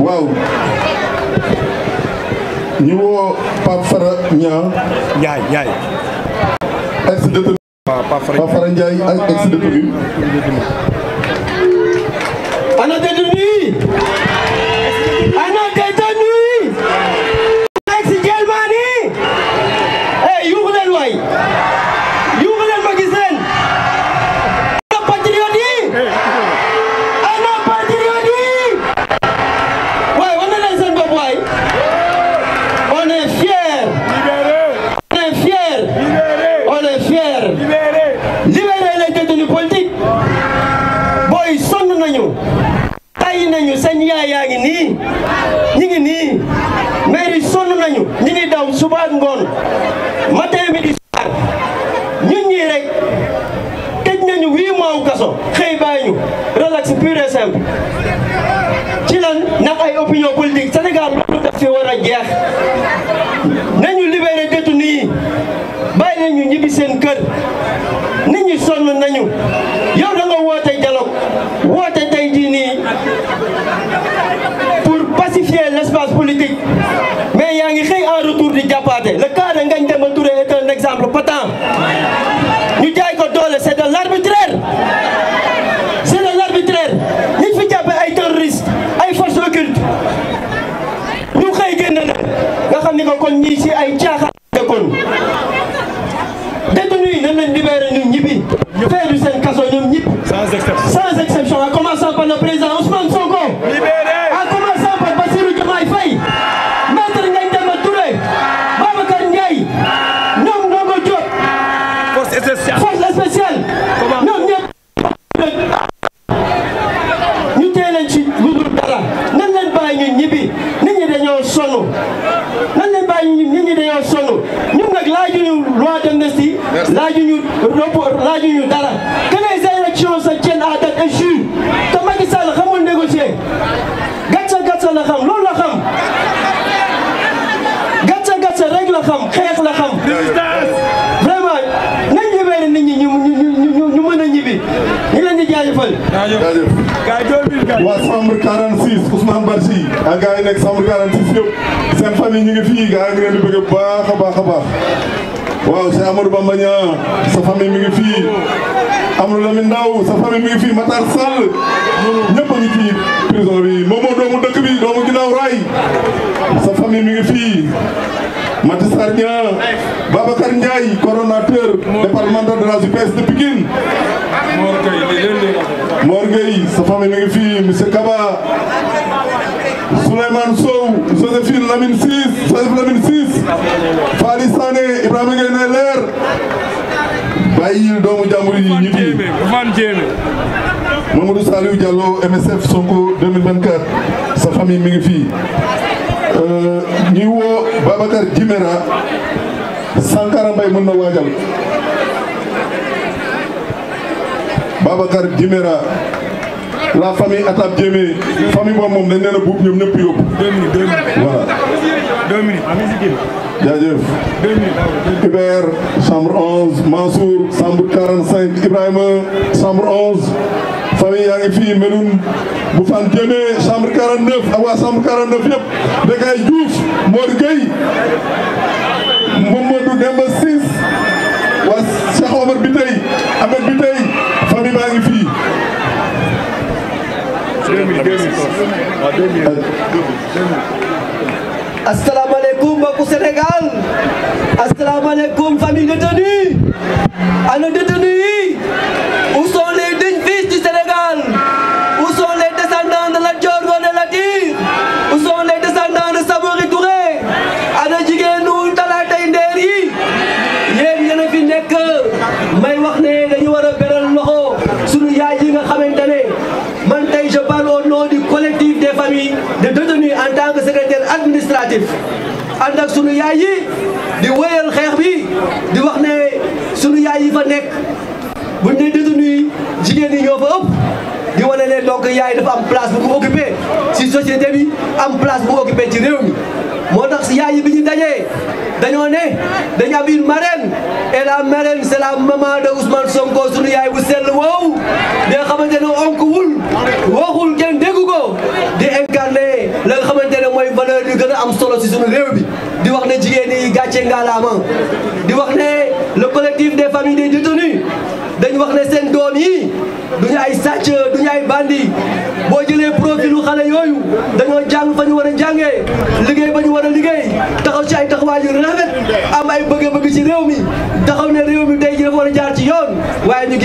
waaw ñu woo Pape Fara Niang. Ndiaye Ndiaye. ex détenu. waaw Pape Fara Ndiaye ex détenu. ana détenu. ana détenu. ex Jelmani. eh yuuxu leen waay. nañu seen yaay yaa ngi nii ñi ngi nii maire yi sonn nañu ñi ngi daw suba ak ngoon matin midi soir ñun ñii rek tëj nañu huit mois kaso xëy bàyyi ñu relax pur et ci lan ndax ay opinion politique Sénégal loolu daf fi war jeex kon ñii si ay caaxaan dëkkoon détenus yi nañ leen libéré ñu ñibbi. ñëpp feeñu seen kaso ñoom ñëpp. sans exception sans exception en commençant par le président Ousmane Sonko. xajuñu dara quelle est élection sa tienne à date échue te Macky xamul négocier gàcce gàcce rek la xam xeex la xam vraiment nañ libéré nit ñu ñu ñu mën a ñibbi ñu leen di jaajëfal waa chambre 46 Ousmane Barchi ak gars yi nekk chambre 46 yëpp seen famille ñu yi ngi leen di bëgg baax a baax baax waaw c'est Amadou Bamba Niang sa famille mi ngi fii Amadou Lamine Ndaw sa famille mi ngi fii Matar Sall ñëpp a ngi fii prison bi moom doomu dëkk bi doomu ginnaaw raay sa famille mi ngi fii Mati Sarr Niang Babacar Ndiaye coordonnateur départemental de la UPS de Pikine Mor Gueye sa famille mi ngi fii monsieur Kaba Souleymane Sow Joséphine Lamine Ciss Joseph Lamine Ciss Fally Sané Ibrahima Gueye ne leer bàyyil doomu jàmbur yi ñu di Mamadou Saliou Diallo MSF Sonko 2024 sa famille mi ngi fii euh, ñuy woo Babacar Djimera Sankara Mbaye mën na waajal Babacar Djimera la famille Atab Diémé famille moom dañ leen buub ñoom ñëpp yóbbu. deux minutes deux minutes voilà. deux minutes am na si génn. jaajëf. deux minutes. Hubert chambre 11 Mansour chambre 45 Ibrahima chambre 11. famille yaa ngi fii Meloune bu fan Diémé chambre 49 ak ah waa 2000 2000 waaw 2000 2000. asalaamaaleykum mbokku Sénégal asalaamaaleykum famille détenue ana détenu sunu yaay yi di wéyal xeex bi di wax ne sunu yaay yi fa nekk buñ ne détenu yi jigéen yi ñoo fa ëpp di wane ne donc yaay dafa am place bu mu occupé ci société bi am place bu mu occupé ci réew mi moo tax yaay yi bi ñu dajee dañoo ne dañu am une marraine et la marraine c'est la maman de Ousmane Sonko sunu yaay bu sell woowu di nga xamante ne onkuwul waxul kenn déggu ko di incarner la nga xamante ne mooy valeur yu gën am solo ci sunu réew bi di wax ne jigéen yi gàcce ngaalaama di wax ne le collectif de familles des détenus dañu wax ne seen doom yi duñu ay sàcc duñu ay bandi boo jëlee profilu xale yooyu dañoo jàng fa ñu war a jàngee liggéey ba ñu war a liggéey taxaw ci ay taxawaay yu rafet am ay bëgg-bëgg ci réew mi ne réew mi tey ji dafa jaar ci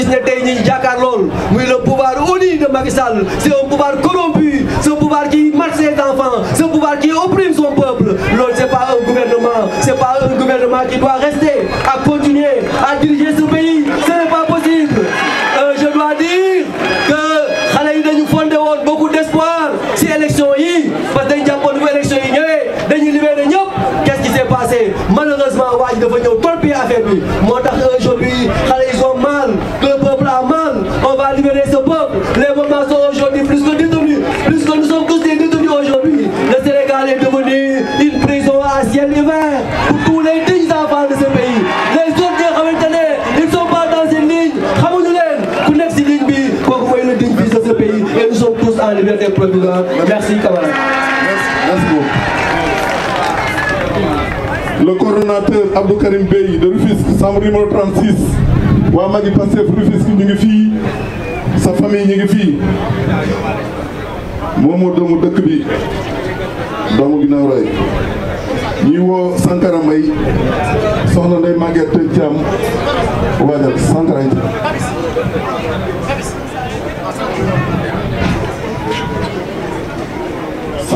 gis ne tey ñi jàkkaar lool muy le pouvoir uni de Macky Sall c'est un pouvoir corrompu c'est un pouvoir qui marche ses enfants c'est un pouvoir qui opprime son peuple loolu c'est pas un gouvernement c'est pas un gouvernement qui doit rester à continuer à diriger ce pays ce n'est pas possible euh, je dois dire que xale yi dañu fondé woon beaucoup d'espoir si élection y parce que dañ jàppoon bu élection yi ñëwee dañuy libéré ñëpp qu'est-ce qui s'est passé malheureusement waa affaire bi en liberté provisoire. coordonnateur Abdou Karim Bey de Rufisque, chambre numéro 36. waa Magui Pastef Rufisque ñu ngi fii sa famille ñu ngi fii moom moo doomu dëkk bi doomu ginnaaw raay ñuy woo Sankara May soxna Ndeye Maguette Thiam waajal Sankara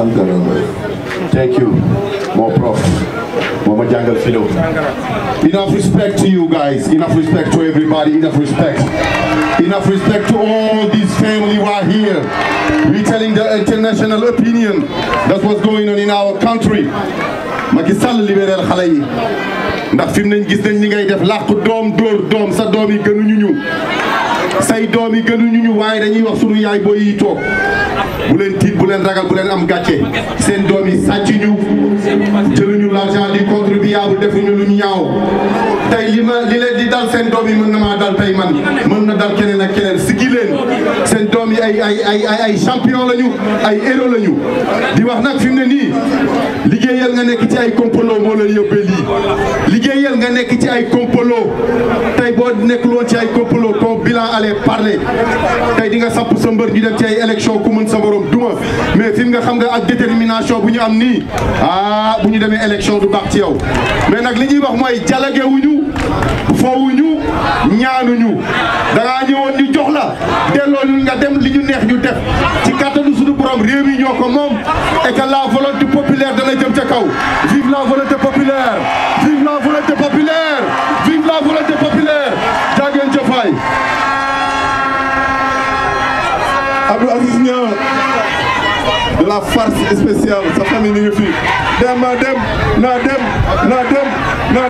Sankara thank you my prof Mama Jangal Philo enough respect to you guys enough respect to everybody enough respect enough respect to all these family who are here retelling the international opinion that's what's going on in our country Macky Sall libéral xale yi ndax fi mu nañ gis nañ li ngay def làqu doom dóor doom sa doom yi gënuñu ñu say doom yi gënuñu ñu waaye dañuy wax sunu yaay booy yi toog bu leen tiit bu leen ragal bu leen am gàcce seen doom yi sàcc ñu jëluñu l'argent du contribuable defuñu lu ñu ñaaw tey li ma li leen di dal seen doom yi mën na maa dal tey man mën na dal keneen ak keneen si gi leen seen doom yi ay ay ay ay ay champion lañu ay héros lañu di wax nag fi mu ne nii liggéeyal nga nekk ci ay kompolo moo leen yóbbee lii liggéeyal nga nekk ci ay kompolo tey boo nekkul woon aller parler tey di nga sapp sa mbër di dem ci ay élection ku mën sa borom duma mais fi nga xam nga ak détermination bu ñu am nii ah bu ñu demee élection du baax ci yow mais nag li ñuy wax mooy jalagewuñu fowuñu ñaanuñu da ngaa ñu jox la delloo ñu nga dem li ñu neex ñu def ci kattanu suñu borom réew ko moom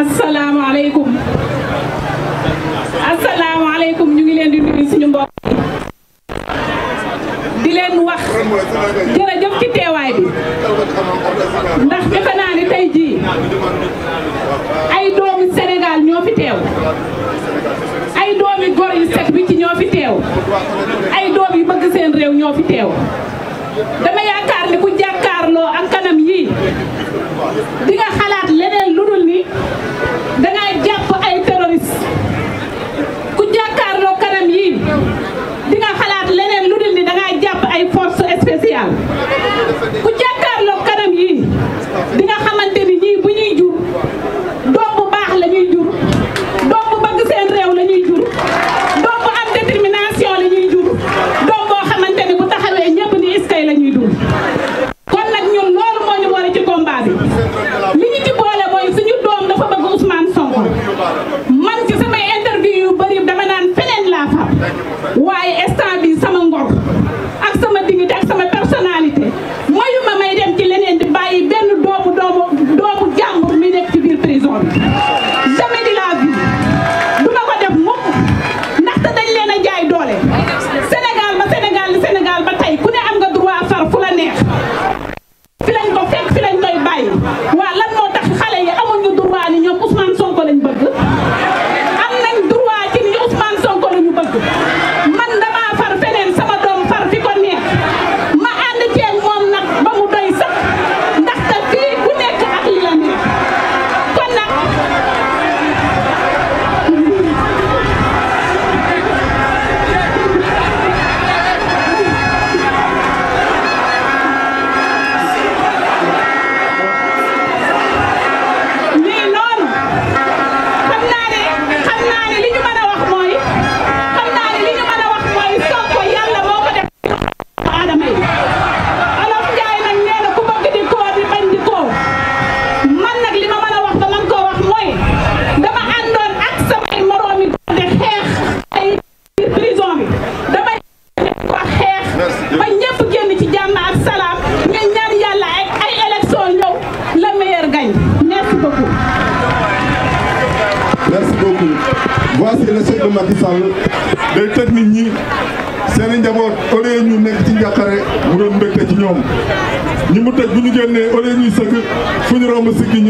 asalaamaaleykum asalaamaaleykum ñu ngi leen di nuyu suñu mbokk yi di leen wax jërëjëf ci teewaay bi ndax defe naa ni tey jii ay doomi Sénégal ñoo fi teew ay doomi góor yu set bi ci ñoo fi teew ay doom yu bëgg seen réew ñoo fi teew Macky Sall day teg nit ñi seen i njaboot au ñu nekk ci njàqare mu doon ci ñoom ñi mu tëj bu ñu génnee au ñuy sëkk fu ñu romb sikki